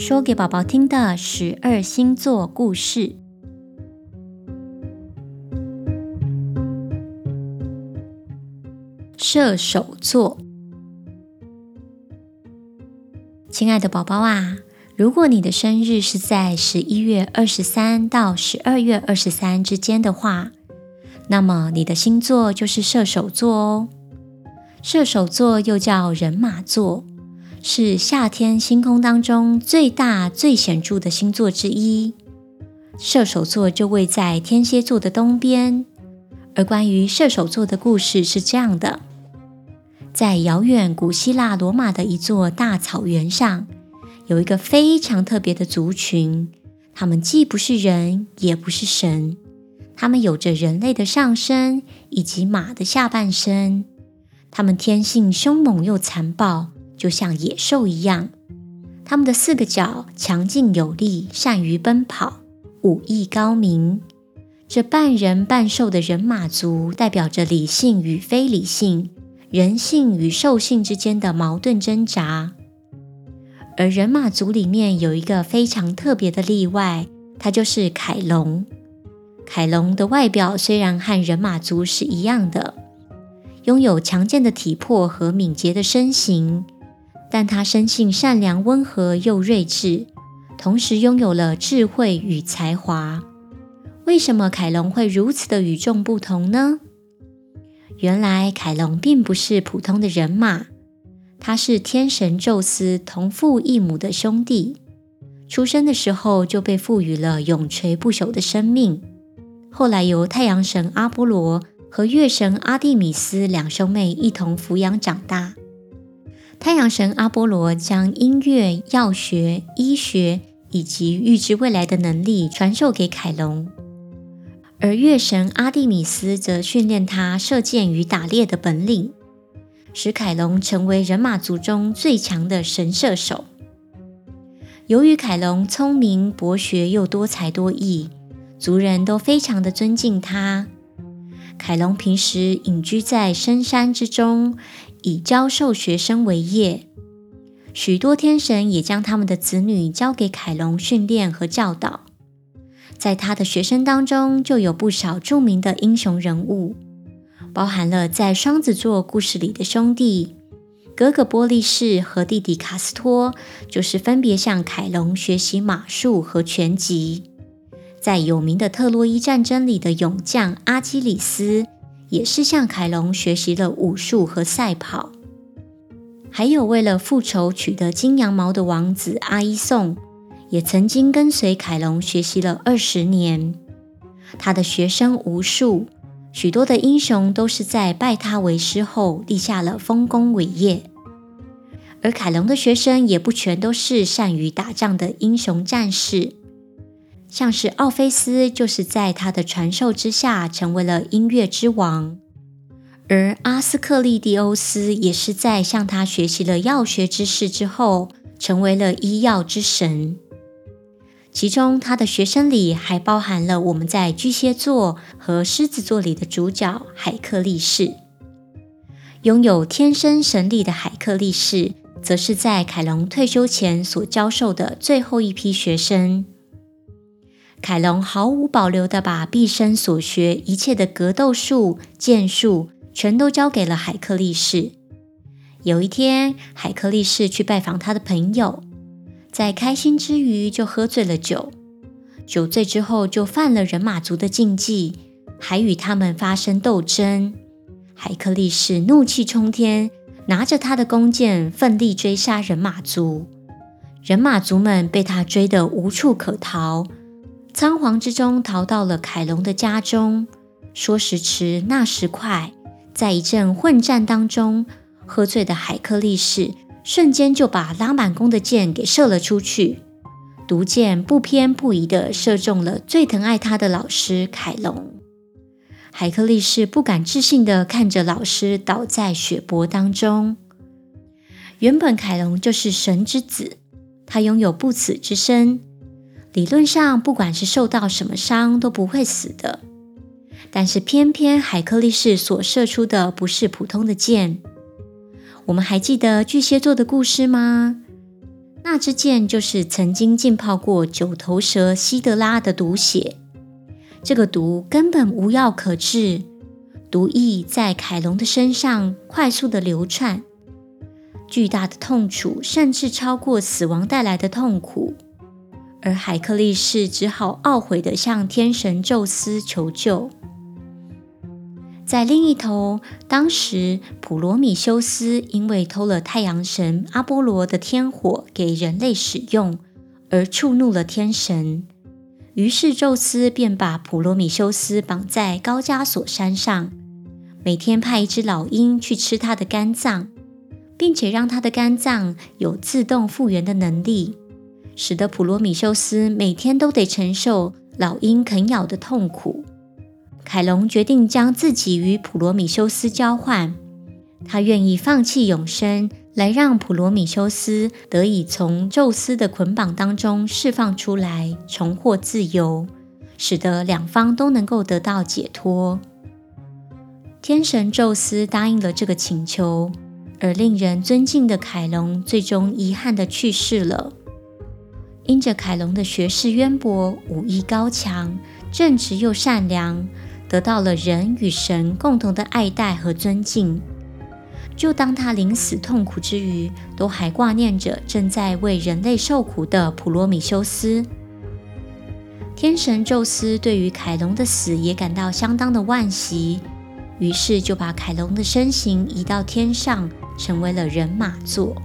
說給寶寶聽的十二星座故事。射手座，親愛的寶寶啊，如果你的生日是在十一月二十三到十二月二十三之間的話，那麼你的星座就是射手座哦。射手座又叫人馬座。是夏天星空當中最大最顯著的星座之一。射手座就位在天蠍座的東邊。而關於射手座的故事是這樣的：在遙遠古希臘羅馬的一座大草原上，有一個非常特別的族群，他們既不是人，也不是神，他們有着人類的上身以及馬的下半身，他們天性凶猛又殘暴。就像野獸一樣，他們的四個角強勁有力，善於奔跑，武藝高明。這半人半獸的人馬族代表着理性與非理性、人性與獸性之間的矛盾掙扎。而人馬族裡面有一個非常特別的例外，他就是凱隆。凱隆的外表雖然和人馬族是一樣的，擁有強健的體魄和敏捷的身形。但他生性善良、溫和又睿智，同時擁有了智慧與才華。為什麼凱隆會如此的與眾不同呢？原來凱隆並不是普通的人馬，他是天神宙斯同父異母的兄弟，出生的時候就被賦予了永垂不朽的生命，後來由太陽神阿波羅和月神阿蒂米斯兩兄妹一同撫養長大。太陽神阿波羅將音樂、藥學、醫學以及預知未來的能力傳授給凱隆，而月神阿蒂米斯則訓練他射箭與打獵的本領，使凱隆成為人馬族中最強的神射手。由於凱隆聰明、博學又多才多藝，族人都非常的尊敬他。凱龍平時隱居在深山之中，以教授學生為業。許多天神也將他們的子女交給凱隆訓練和教導。在他的學生當中，就有不少著名的英雄人物，包含了在雙子座故事裡的兄弟哥哥波力士和弟弟卡斯托，就是分別向凱隆學習馬術和拳擊。在有名的特洛伊戰爭裡的勇將阿基里斯，也是向凱隆學習了武術和賽跑。還有為了復仇取得金羊毛的王子伊阿宋，也曾經跟隨凱隆學習了二十年。他的學生無數，許多的英雄都是在拜他為師後立下了豐功偉業。而凱隆的學生也不全都是善於打仗的英雄戰士。像是奧菲斯，就是在他的傳授之下成為了音樂之王；而阿斯克力弟歐斯，也是在向他學習了藥學知識之後，成為了醫藥之神。其中，他的學生裡還包含了我們在巨蟹座和獅子座裡的主角海克力士。擁有天生神力的海克力士，則是在凱隆退休前所教授的最後一批學生。凱龍毫無保留地把畢生所學一切的格鬥術、劍術全都交給了海克力士。有一天，海克力士去拜訪他的朋友，在開心之餘就喝醉了酒。酒醉之後就犯了人馬族的禁忌，還與他們發生鬥爭。海克力士怒氣沖天，拿着他的弓箭奮力追殺人馬族。人馬族們被他追得無處可逃。倉皇之中逃到了凱隆的家中。說時遲，那時快，在一陣混戰當中，喝醉的海克力士瞬間就把拉滿弓的箭給射了出去。毒箭不偏不倚地射中了最疼愛他的老師凱隆。海克力士不敢置信地看着老師倒在血泊當中。原本凱隆就是神之子，他擁有不死之身。理論上，不管是受到什麼傷都不會死的。但是，偏偏海克力士所射出的不是普通的箭。我們還記得巨蟹座的故事嗎？那支箭就是曾經浸泡過九頭蛇希德拉的毒血。這個毒根本無藥可治，毒液在凱隆的身上快速地流竄，巨大的痛楚甚至超過死亡帶來的痛苦。而海克力士只好懊悔地向天神宙斯求救。在另一頭，當時普羅米修斯因為偷了太陽神阿波羅的天火給人類使用，而觸怒了天神。於是宙斯便把普羅米修斯綁在高加索山上，每天派一隻老鷹去吃他的肝臟，並且讓他的肝臟有自動復原的能力。使得普羅米修斯每天都得承受老鷹啃咬的痛苦。凱隆決定將自己與普羅米修斯交換，他願意放棄永生，來讓普羅米修斯得以從宙斯的捆綁當中釋放出來，重獲自由，使得兩方都能夠得到解脫。天神宙斯答應了這個請求，而令人尊敬的凱隆最終遺憾的去世了。因着凱隆的學識淵博、武藝高強、正直又善良，得到了人與神共同的愛戴和尊敬。就當他臨死痛苦之餘，都還掛念着正在為人類受苦的普羅米修斯。天神宙斯對於凱隆的死也感到相當的惋惜，於是就把凱隆的身形移到天上，成為了人馬座。